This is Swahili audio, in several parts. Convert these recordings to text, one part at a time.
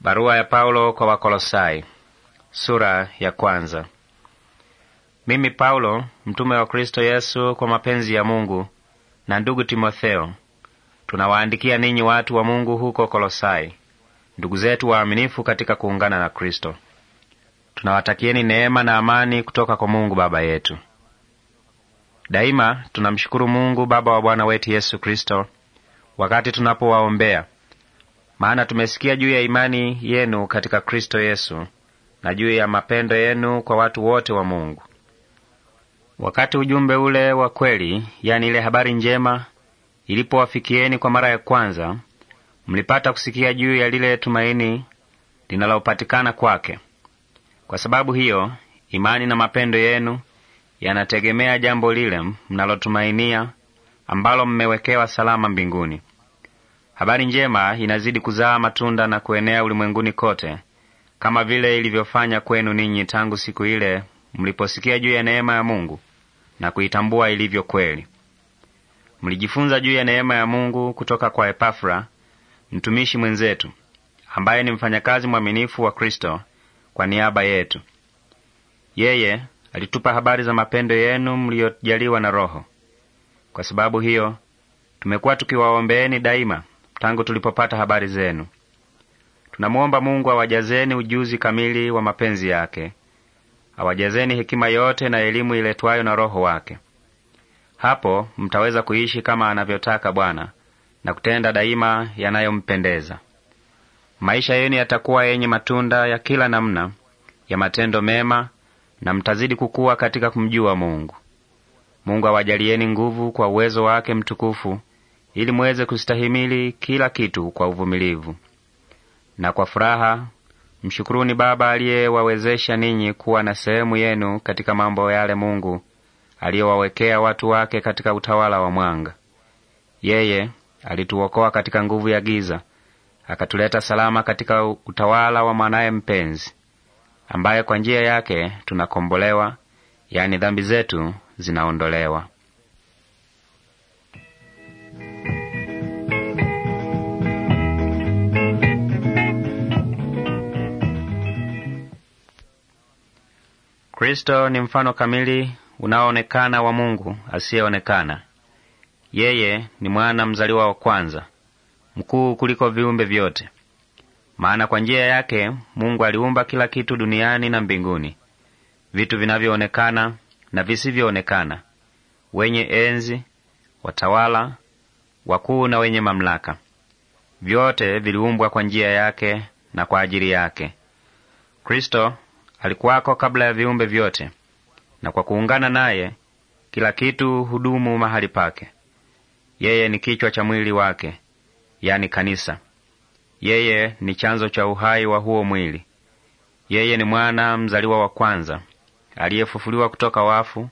Barua ya Paulo kwa Wakolosai, sura ya kwanza. Mimi Paulo mtume wa Kristo Yesu kwa mapenzi ya Mungu na ndugu Timotheo, tunawaandikia ninyi watu wa Mungu huko Kolosai, ndugu zetu waaminifu katika kuungana na Kristo. Tunawatakieni neema na amani kutoka kwa Mungu Baba yetu. Daima tunamshukuru Mungu Baba wa Bwana wetu Yesu Kristo wakati tunapowaombea maana tumesikia juu ya imani yenu katika Kristo Yesu na juu ya mapendo yenu kwa watu wote wa Mungu. Wakati ujumbe ule wa kweli, yani ile habari njema, ilipowafikieni kwa mara ya kwanza, mlipata kusikia juu ya lile tumaini linalopatikana kwake. Kwa sababu hiyo, imani na mapendo yenu yanategemea jambo lile mnalotumainia, ambalo mmewekewa salama mbinguni. Habari njema inazidi kuzaa matunda na kuenea ulimwenguni kote, kama vile ilivyofanya kwenu ninyi tangu siku ile mliposikia juu ya neema ya Mungu na kuitambua ilivyo kweli. Mlijifunza juu ya neema ya Mungu kutoka kwa Epafra, mtumishi mwenzetu, ambaye ni mfanyakazi mwaminifu wa Kristo kwa niaba yetu. Yeye alitupa habari za mapendo yenu mliyojaliwa na Roho. Kwa sababu hiyo tumekuwa tukiwaombeeni daima tangu tulipopata habari zenu. Tunamwomba Mungu awajazeni ujuzi kamili wa mapenzi yake, awajazeni hekima yote na elimu iletwayo na Roho wake. Hapo mtaweza kuishi kama anavyotaka Bwana na kutenda daima yanayompendeza. Maisha yenu yatakuwa yenye matunda ya kila namna ya matendo mema, na mtazidi kukua katika kumjua Mungu. Mungu awajalieni nguvu kwa uwezo wake mtukufu ili muweze kustahimili kila kitu kwa uvumilivu na kwa furaha. Mshukuruni Baba aliyewawezesha ninyi kuwa na sehemu yenu katika mambo yale Mungu aliyowawekea watu wake katika utawala wa mwanga. Yeye alituokoa katika nguvu ya giza, akatuleta salama katika utawala wa mwanaye mpenzi, ambaye kwa njia yake tunakombolewa, yani dhambi zetu zinaondolewa. Kristo ni mfano kamili unaoonekana wa Mungu asiyeonekana. Yeye ni mwana mzaliwa wa kwanza, mkuu kuliko viumbe vyote, maana kwa njia yake Mungu aliumba kila kitu duniani na mbinguni, vitu vinavyoonekana na visivyoonekana, wenye enzi, watawala, wakuu na wenye mamlaka. Vyote viliumbwa kwa njia yake na kwa ajili yake. Kristo Alikuwako kabla ya viumbe vyote, na kwa kuungana naye kila kitu hudumu mahali pake. Yeye ni kichwa cha mwili wake, yani kanisa. Yeye ni chanzo cha uhai wa huo mwili. Yeye ni mwana mzaliwa wa kwanza aliyefufuliwa kutoka wafu,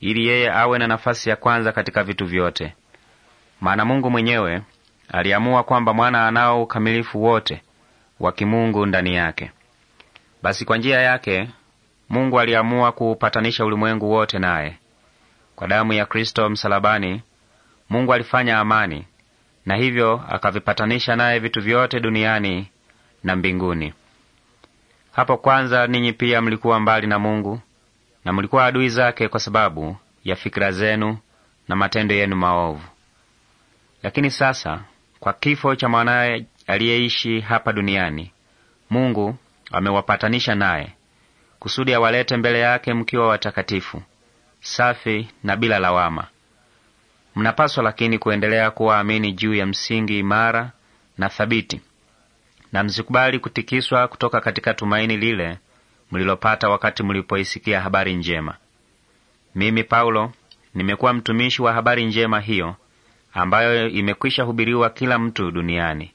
ili yeye awe na nafasi ya kwanza katika vitu vyote. Maana Mungu mwenyewe aliamua kwamba mwana anao ukamilifu wote wa kimungu ndani yake. Basi kwa njia yake Mungu aliamua kuupatanisha ulimwengu wote naye. Kwa damu ya Kristo msalabani, Mungu alifanya amani, na hivyo akavipatanisha naye vitu vyote duniani na mbinguni. Hapo kwanza ninyi pia mlikuwa mbali na Mungu na mlikuwa adui zake kwa sababu ya fikira zenu na matendo yenu maovu. Lakini sasa kwa kifo cha mwanaye aliyeishi hapa duniani, Mungu amewapatanisha naye, kusudi awalete mbele yake mkiwa watakatifu, safi na bila lawama. Mnapaswa lakini kuendelea kuwaamini juu ya msingi imara na thabiti, na msikubali kutikiswa kutoka katika tumaini lile mlilopata wakati mlipoisikia habari njema. Mimi Paulo nimekuwa mtumishi wa habari njema hiyo ambayo imekwisha hubiriwa kila mtu duniani.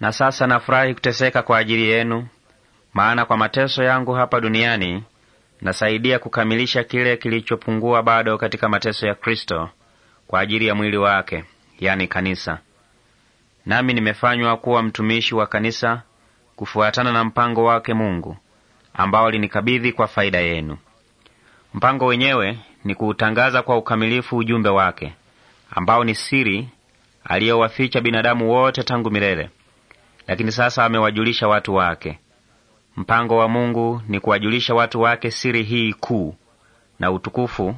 Na sasa nafurahi kuteseka kwa ajili yenu, maana kwa mateso yangu hapa duniani nasaidia kukamilisha kile kilichopungua bado katika mateso ya Kristo kwa ajili ya mwili wake, yani kanisa. Nami nimefanywa kuwa mtumishi wa kanisa kufuatana na mpango wake Mungu ambao linikabidhi kwa faida yenu. Mpango wenyewe ni kuutangaza kwa ukamilifu ujumbe wake ambao ni siri aliyowaficha binadamu wote tangu milele, lakini sasa amewajulisha watu wake. Mpango wa Mungu ni kuwajulisha watu wake siri hii kuu na utukufu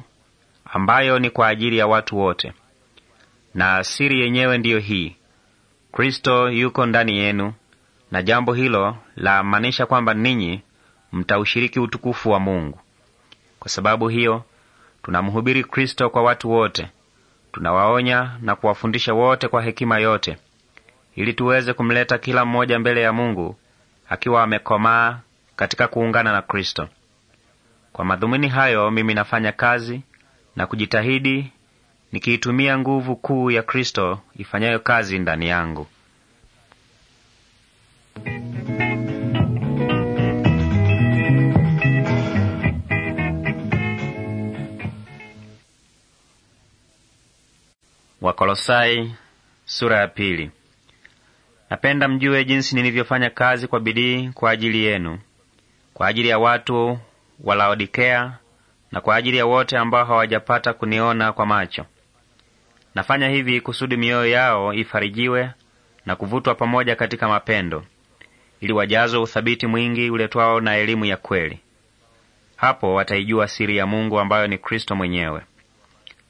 ambayo ni kwa ajili ya watu wote. Na siri yenyewe ndiyo hii: Kristo yuko ndani yenu, na jambo hilo lamaanisha kwamba ninyi mtaushiriki utukufu wa Mungu. Kwa sababu hiyo, tunamhubiri Kristo kwa watu wote, tunawaonya na kuwafundisha wote kwa hekima yote, ili tuweze kumleta kila mmoja mbele ya Mungu akiwa amekomaa katika kuungana na Kristo. Kwa madhumuni hayo, mimi nafanya kazi na kujitahidi nikiitumia nguvu kuu ya Kristo ifanyayo kazi ndani yangu. Wakolosai sura ya pili. Napenda mjue jinsi nilivyofanya kazi kwa bidii kwa ajili yenu, kwa ajili ya watu wa Laodikea na kwa ajili ya wote ambao hawajapata kuniona kwa macho. Nafanya hivi kusudi mioyo yao ifarijiwe na kuvutwa pamoja katika mapendo, ili wajazwe uthabiti mwingi uletwao na elimu ya kweli. Hapo wataijua siri ya Mungu ambayo ni Kristo mwenyewe.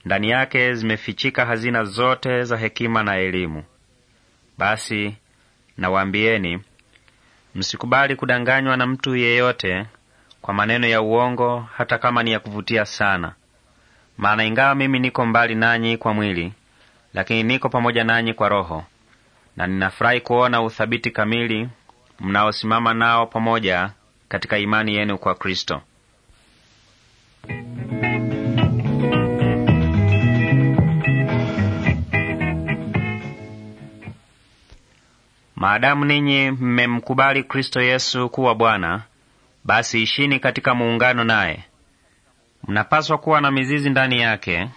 Ndani yake zimefichika hazina zote za hekima na elimu. Basi Nawaambieni, msikubali kudanganywa na mtu yeyote kwa maneno ya uongo, hata kama ni ya kuvutia sana. Maana ingawa mimi niko mbali nanyi kwa mwili, lakini niko pamoja nanyi kwa roho, na ninafurahi kuona uthabiti kamili mnaosimama nao pamoja katika imani yenu kwa Kristo. Maadamu ninyi mmemkubali Kristo Yesu kuwa Bwana, basi ishini katika muungano naye. Mnapaswa kuwa na mizizi ndani yake,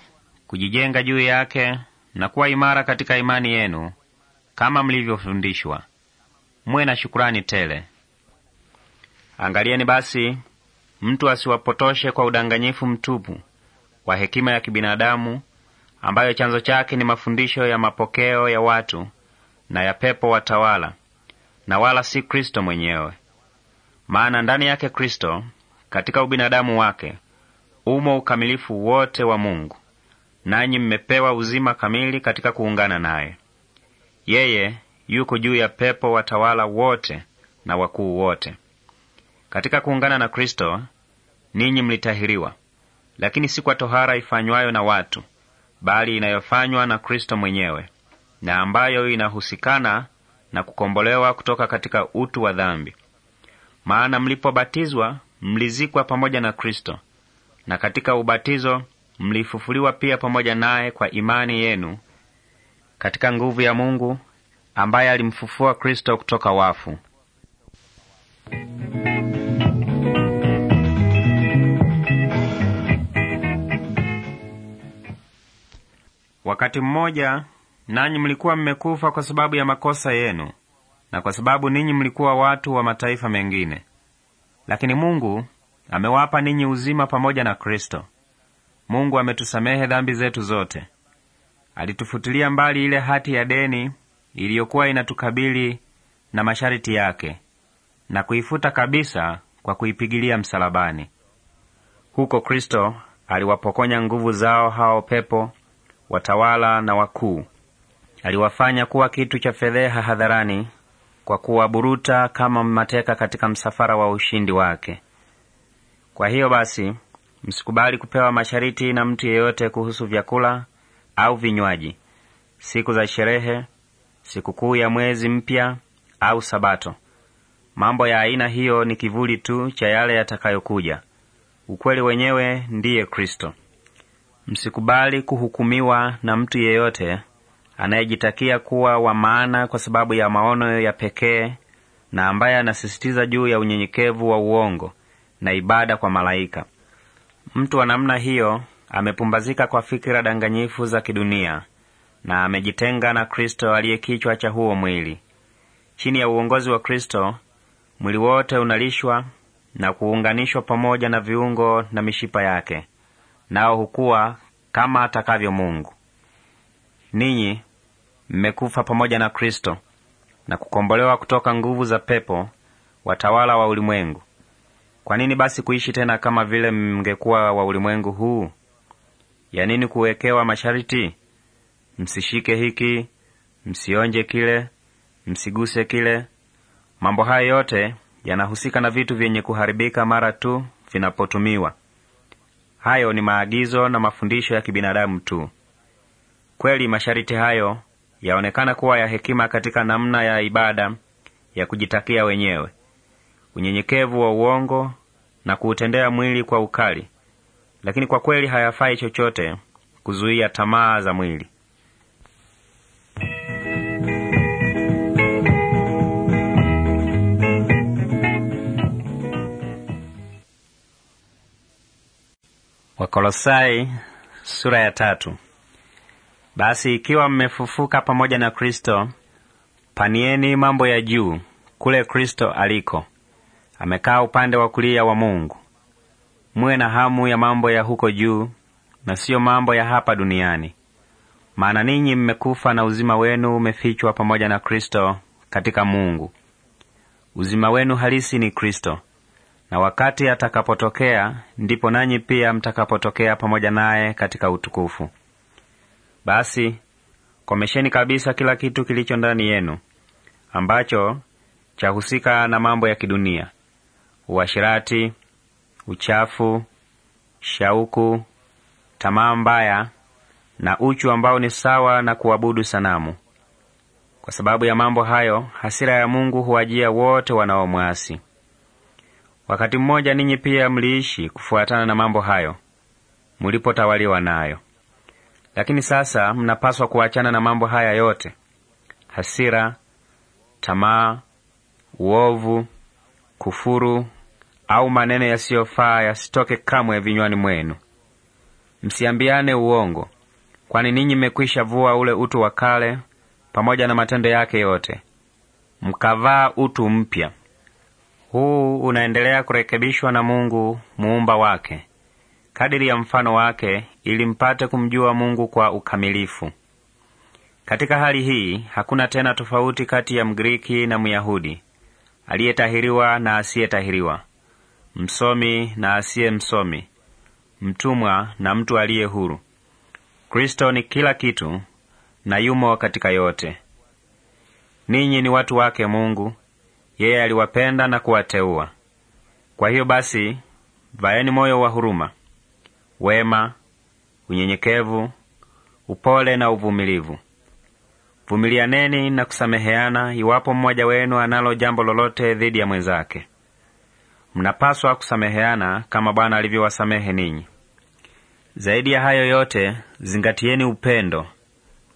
kujijenga juu yake na kuwa imara katika imani yenu kama mlivyofundishwa, muwe na shukurani tele. Angalieni basi mtu asiwapotoshe kwa udanganyifu mtupu wa hekima ya kibinadamu ambayo chanzo chake ni mafundisho ya mapokeo ya watu na ya pepo watawala, na wala si Kristo mwenyewe. Maana ndani yake Kristo, katika ubinadamu wake, umo ukamilifu wote wa Mungu, nanyi mmepewa uzima kamili katika kuungana naye. Yeye yuko juu ya pepo watawala wote na wakuu wote. Katika kuungana na Kristo ninyi mlitahiriwa, lakini si kwa tohara ifanywayo na watu, bali inayofanywa na Kristo mwenyewe na ambayo inahusikana na kukombolewa kutoka katika utu wa dhambi. Maana mlipobatizwa mlizikwa pamoja na Kristo, na katika ubatizo mlifufuliwa pia pamoja naye kwa imani yenu katika nguvu ya Mungu ambaye alimfufua Kristo kutoka wafu. Wakati mmoja nanyi mlikuwa mmekufa kwa sababu ya makosa yenu na kwa sababu ninyi mlikuwa watu wa mataifa mengine. Lakini Mungu amewapa ninyi uzima pamoja na Kristo. Mungu ametusamehe dhambi zetu zote, alitufutilia mbali ile hati ya deni iliyokuwa inatukabili na masharti yake, na kuifuta kabisa kwa kuipigilia msalabani. Huko Kristo aliwapokonya nguvu zao hao pepo watawala na wakuu aliwafanya kuwa kitu cha fedheha hadharani kwa kuwaburuta kama mateka katika msafara wa ushindi wake. Kwa hiyo basi, msikubali kupewa mashariti na mtu yeyote kuhusu vyakula au vinywaji, siku za sherehe, sikukuu ya mwezi mpya au Sabato. Mambo ya aina hiyo ni kivuli tu cha yale yatakayokuja. Ukweli wenyewe ndiye Kristo. Msikubali kuhukumiwa na mtu yeyote anayejitakia kuwa wa maana kwa sababu ya maono ya pekee na ambaye anasisitiza juu ya unyenyekevu wa uongo na ibada kwa malaika. Mtu wa namna hiyo amepumbazika kwa fikira danganyifu za kidunia na amejitenga na Kristo aliye kichwa cha huo mwili. Chini ya uongozi wa Kristo, mwili wote unalishwa na kuunganishwa pamoja na viungo na mishipa yake, nao hukua kama atakavyo Mungu. Ninyi mmekufa pamoja na Kristo na kukombolewa kutoka nguvu za pepo watawala wa ulimwengu. Kwa nini basi kuishi tena kama vile mngekuwa wa ulimwengu huu? Ya nini kuwekewa masharti? Msishike hiki, msionje kile, msiguse kile. Mambo haya yote yanahusika na vitu vyenye kuharibika mara tu vinapotumiwa. Hayo ni maagizo na mafundisho ya kibinadamu tu. Kweli masharti hayo yaonekana kuwa ya hekima katika namna ya ibada ya kujitakia wenyewe, unyenyekevu wa uongo na kuutendea mwili kwa ukali, lakini kwa kweli hayafai chochote kuzuia tamaa za mwili. Wakolosai sura ya tatu. Basi ikiwa mmefufuka pamoja na Kristo, panieni mambo ya juu kule Kristo aliko amekaa upande wa kulia wa Mungu. Muwe na hamu ya mambo ya huko juu na siyo mambo ya hapa duniani, maana ninyi mmekufa na uzima wenu umefichwa pamoja na Kristo katika Mungu. Uzima wenu halisi ni Kristo, na wakati atakapotokea ndipo nanyi pia mtakapotokea pamoja naye katika utukufu. Basi komesheni kabisa kila kitu kilicho ndani yenu ambacho chahusika na mambo ya kidunia: uashirati, uchafu, shauku, tamaa mbaya na uchu ambao ni sawa na kuabudu sanamu. Kwa sababu ya mambo hayo, hasira ya Mungu huwajia wote wanaomwasi. Wakati mmoja ninyi pia mliishi kufuatana na mambo hayo mulipotawaliwa nayo. Lakini sasa mnapaswa kuachana na mambo haya yote: hasira, tamaa, uovu, kufuru au maneno yasiyofaa yasitoke kamwe vinywani mwenu. Msiambiane uongo, kwani ninyi mmekwisha vua ule utu wa kale pamoja na matendo yake yote, mkavaa utu mpya. Huu unaendelea kurekebishwa na Mungu muumba wake kadiri ya mfano wake ili mpate kumjua Mungu kwa ukamilifu. Katika hali hii hakuna tena tofauti kati ya Mgiriki na Myahudi, aliyetahiriwa na asiyetahiriwa, msomi na asiye msomi, mtumwa na mtu aliye huru. Kristo ni kila kitu na yumo katika yote. Ninyi ni watu wake Mungu, yeye aliwapenda na kuwateua. Kwa hiyo basi, vaeni moyo wa huruma wema, unyenyekevu, upole na uvumilivu. Vumilianeni na kusameheana, iwapo mmoja wenu analo jambo lolote dhidi ya mwenzake. Mnapaswa kusameheana kama Bwana alivyowasamehe ninyi. Zaidi ya hayo yote, zingatieni upendo,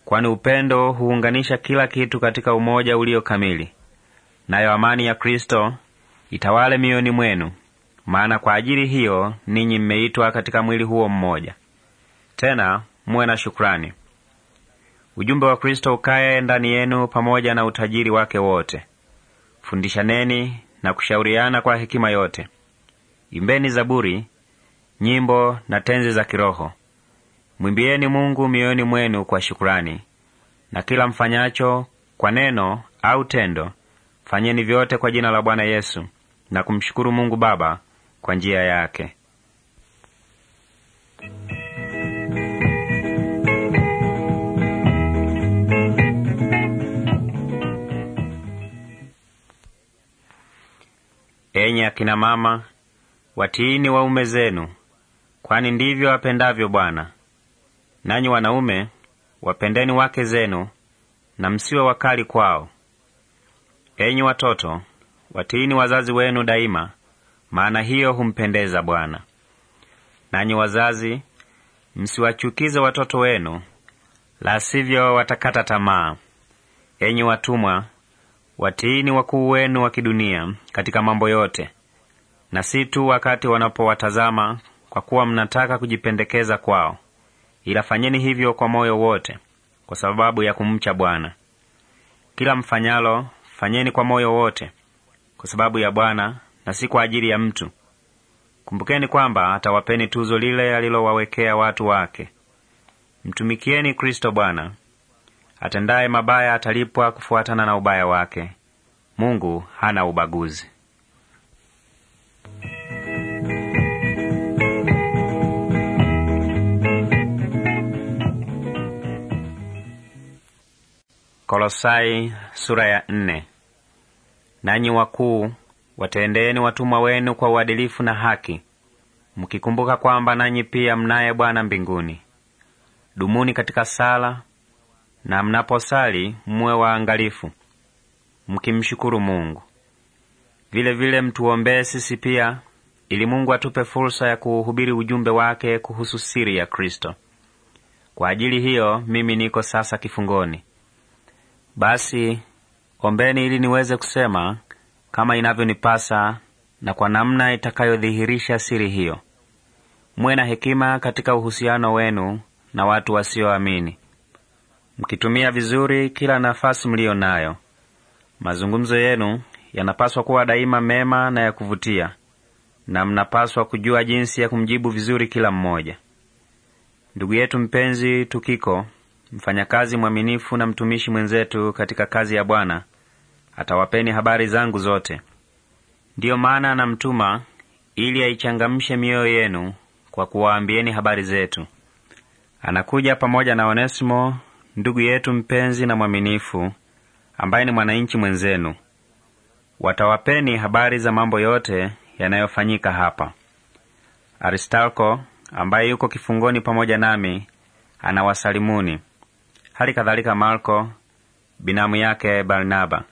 kwani upendo huunganisha kila kitu katika umoja ulio kamili. Nayo amani ya Kristo itawale mioyoni mwenu. Maana kwa ajili hiyo ninyi mmeitwa katika mwili huo mmoja. Tena muwe na shukrani. Ujumbe wa Kristo ukaye ndani yenu pamoja na utajiri wake wote. Fundishaneni na kushauriana kwa hekima yote. Imbeni zaburi, nyimbo na tenzi za kiroho. Mwimbieni Mungu mioyoni mwenu kwa shukurani. Na kila mfanyacho kwa neno au tendo, fanyeni vyote kwa jina la Bwana Yesu na kumshukuru Mungu Baba kwa njia yake. Enyi akina mama, watiini waume zenu, kwani ndivyo wapendavyo Bwana. Nanyi wanaume, wapendeni wake zenu na msiwe wakali kwao. Enyi watoto, watiini wazazi wenu daima, maana hiyo humpendeza Bwana. Nanyi wazazi, msiwachukize watoto wenu, la sivyo watakata tamaa. Enyi watumwa, watiini wakuu wenu wa kidunia katika mambo yote, na si tu wakati wanapowatazama, kwa kuwa mnataka kujipendekeza kwao, ila fanyeni hivyo kwa moyo wote, kwa sababu ya kumcha Bwana. Kila mfanyalo fanyeni kwa moyo wote, kwa sababu ya Bwana, na si kwa ajili ya mtu. Kumbukeni kwamba atawapeni tuzo lile alilowawekea watu wake. Mtumikieni Kristo Bwana. Atendaye mabaya atalipwa kufuatana na ubaya wake. Mungu hana ubaguzi. Kolosai sura ya nne. Nanyi wakuu, Watendeeni watumwa wenu kwa uadilifu na haki, mkikumbuka kwamba nanyi pia mnaye Bwana mbinguni. Dumuni katika sala, na mnaposali muwe waangalifu, mkimshukuru Mungu. Vile vile mtuombee sisi pia, ili Mungu atupe fursa ya kuuhubiri ujumbe wake kuhusu siri ya Kristo. Kwa ajili hiyo mimi niko sasa kifungoni. Basi ombeni ili niweze kusema kama inavyonipasa na kwa namna itakayodhihirisha siri hiyo. Mwe na hekima katika uhusiano wenu na watu wasioamini, mkitumia vizuri kila nafasi mliyo nayo. Mazungumzo yenu yanapaswa kuwa daima mema na ya kuvutia, na mnapaswa kujua jinsi ya kumjibu vizuri kila mmoja. Ndugu yetu mpenzi Tukiko, mfanyakazi mwaminifu na mtumishi mwenzetu katika kazi ya Bwana, atawapeni habari zangu zote. Ndiyo maana anamtuma ili aichangamshe mioyo yenu kwa kuwaambieni habari zetu. Anakuja pamoja na Onesimo ndugu yetu mpenzi na mwaminifu, ambaye ni mwananchi mwenzenu. Watawapeni habari za mambo yote yanayofanyika hapa. Aristarko ambaye yuko kifungoni pamoja nami anawasalimuni, hali kadhalika Marko binamu yake Barnaba.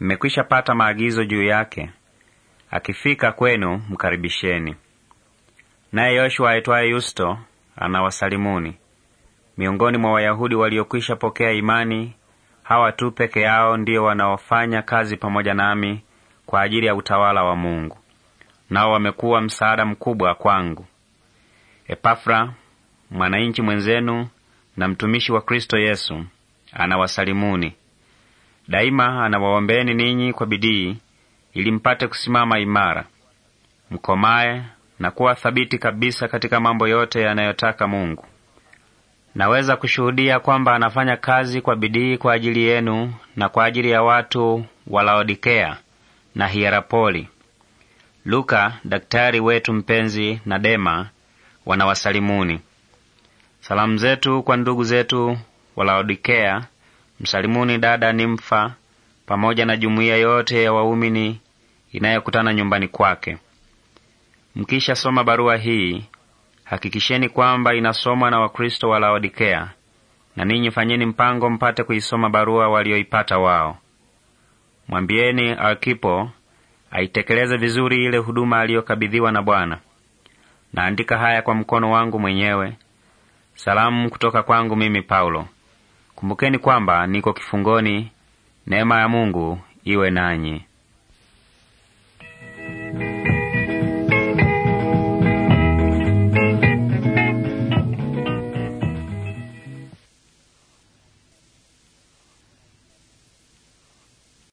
Mmekwisha pata maagizo juu yake. Akifika kwenu mkaribisheni. Naye Yoshua aitwaye Yusto anawasalimuni. Miongoni mwa Wayahudi waliokwisha pokea imani, hawa tu peke yao ndiyo wanaofanya kazi pamoja nami kwa ajili ya utawala wa Mungu, nao wamekuwa msaada mkubwa kwangu. Epafra, mwananchi mwenzenu na mtumishi wa Kristo Yesu, anawasalimuni. Daima anawaombeni ninyi kwa bidii, ili mpate kusimama imara, mkomae na kuwa thabiti kabisa katika mambo yote yanayotaka Mungu. Naweza kushuhudia kwamba anafanya kazi kwa bidii kwa ajili yenu na kwa ajili ya watu wa Laodikea na Hierapoli. Luka daktari wetu mpenzi na Dema wanawasalimuni. Salamu zetu kwa ndugu zetu wa Laodikea Msalimuni dada Nimfa pamoja na jumuiya yote ya waumini inayokutana nyumbani kwake. Mkisha soma barua hii, hakikisheni kwamba inasomwa na Wakristo wa Laodikea, na ninyi fanyeni mpango mpate kuisoma barua walioipata wao. Mwambieni Arkipo aitekeleze vizuri ile huduma aliyokabidhiwa na Bwana. Naandika haya kwa mkono wangu mwenyewe. Salamu kutoka kwangu mimi Paulo. Kumbukeni kwamba niko kifungoni. Neema ya Mungu iwe nanyi.